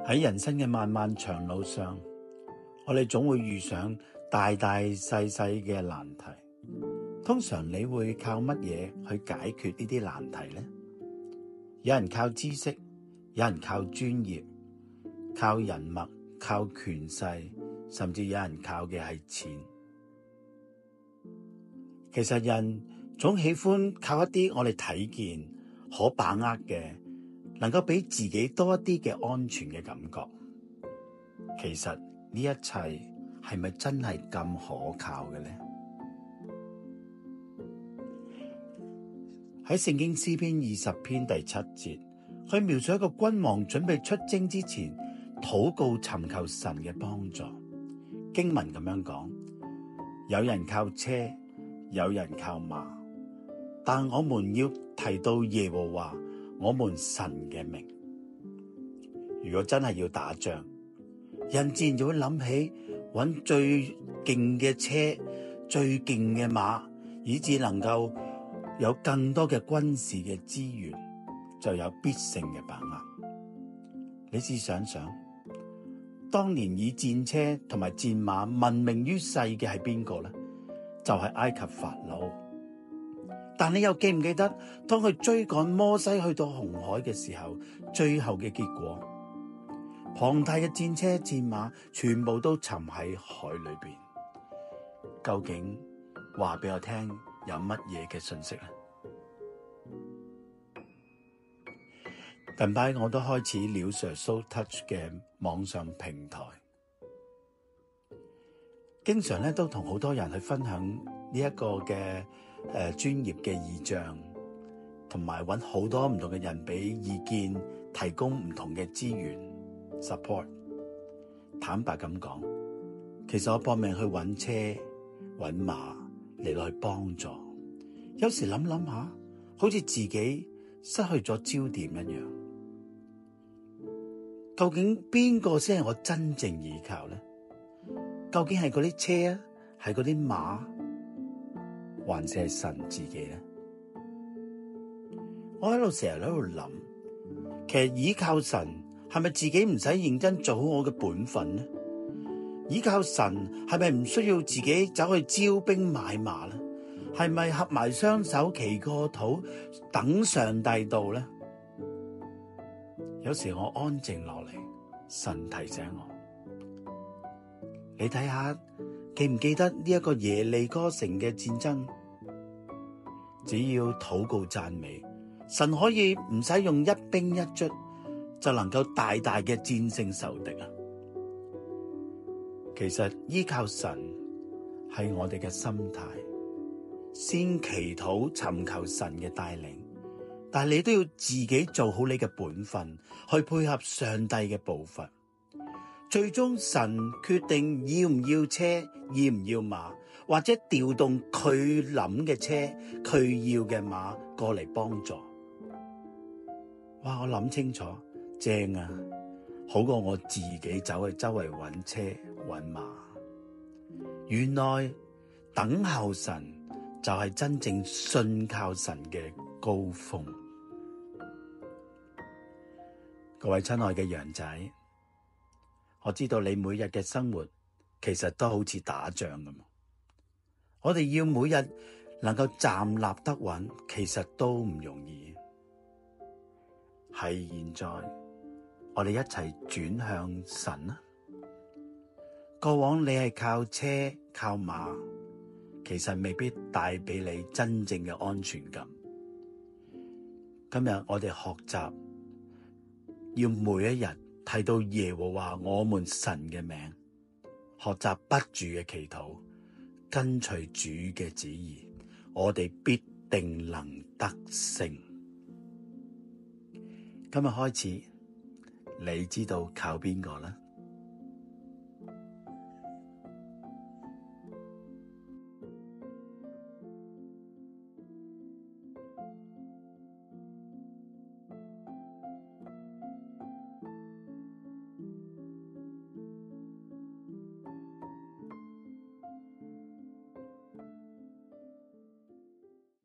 喺人生嘅漫漫長路上，我哋總會遇上大大細細嘅難題。通常你會靠乜嘢去解決呢啲難題咧？有人靠知識，有人靠專業，靠人脈，靠權勢，甚至有人靠嘅係錢。其實人總喜歡靠一啲我哋睇見、可把握嘅。能夠俾自己多一啲嘅安全嘅感覺，其實呢一切係咪真係咁可靠嘅呢？喺聖經詩篇二十篇第七節，佢描述一個君王準備出征之前，禱告尋求神嘅幫助。經文咁樣講：「有人靠車，有人靠馬，但我們要提到耶和華。我們神嘅名。如果真係要打仗，人自然就會諗起搵最勁嘅車、最勁嘅馬，以至能夠有更多嘅軍事嘅資源，就有必勝嘅把握。你試想想，當年以戰車同埋戰馬聞名於世嘅係邊個咧？就係埃及法老。但你又記唔記得，當佢追趕摩西去到紅海嘅時候，最後嘅結果，龐大嘅戰車戰馬全部都沉喺海裏邊。究竟話俾我聽，有乜嘢嘅信息咧？近排我都開始了 Sir so touch 嘅網上平台，經常咧都同好多人去分享呢一個嘅。誒，專、呃、業嘅意象，同埋揾好多唔同嘅人俾意見，提供唔同嘅資源 support。坦白咁講，其實我搏命去揾車、揾馬嚟落去幫助，有時諗諗下，好似自己失去咗焦點一樣。究竟邊個先係我真正依靠咧？究竟係嗰啲車啊，係嗰啲馬？還是係神自己咧？我喺度成日喺度諗，其實倚靠神係咪自己唔使認真做好我嘅本分咧？倚靠神係咪唔需要自己走去招兵買馬咧？係咪合埋雙手祈個禱，等上帝到咧？有時我安靜落嚟，神提醒我，你睇下。記唔記得呢一個耶利哥城嘅戰爭？只要禱告讚美，神可以唔使用一兵一卒就能夠大大嘅戰勝仇敵啊！其實依靠神係我哋嘅心態，先祈禱尋求神嘅帶領，但係你都要自己做好你嘅本分，去配合上帝嘅步伐。最終神決定要唔要車，要唔要馬，或者調動佢諗嘅車，佢要嘅馬過嚟幫助。哇！我諗清楚，正啊，好過我自己走去周圍揾車揾馬。原來等候神就係真正信靠神嘅高峰。各位親愛嘅羊仔。我知道你每日嘅生活其實都好似打仗咁，我哋要每日能夠站立得穩，其實都唔容易。喺現在，我哋一齊轉向神啦。過往你係靠車靠馬，其實未必帶俾你真正嘅安全感。今日我哋學習要每一日。提到耶和華我哋神嘅名，學習不住嘅祈禱，跟隨主嘅旨意，我哋必定能得勝。今日開始，你知道靠邊個呢？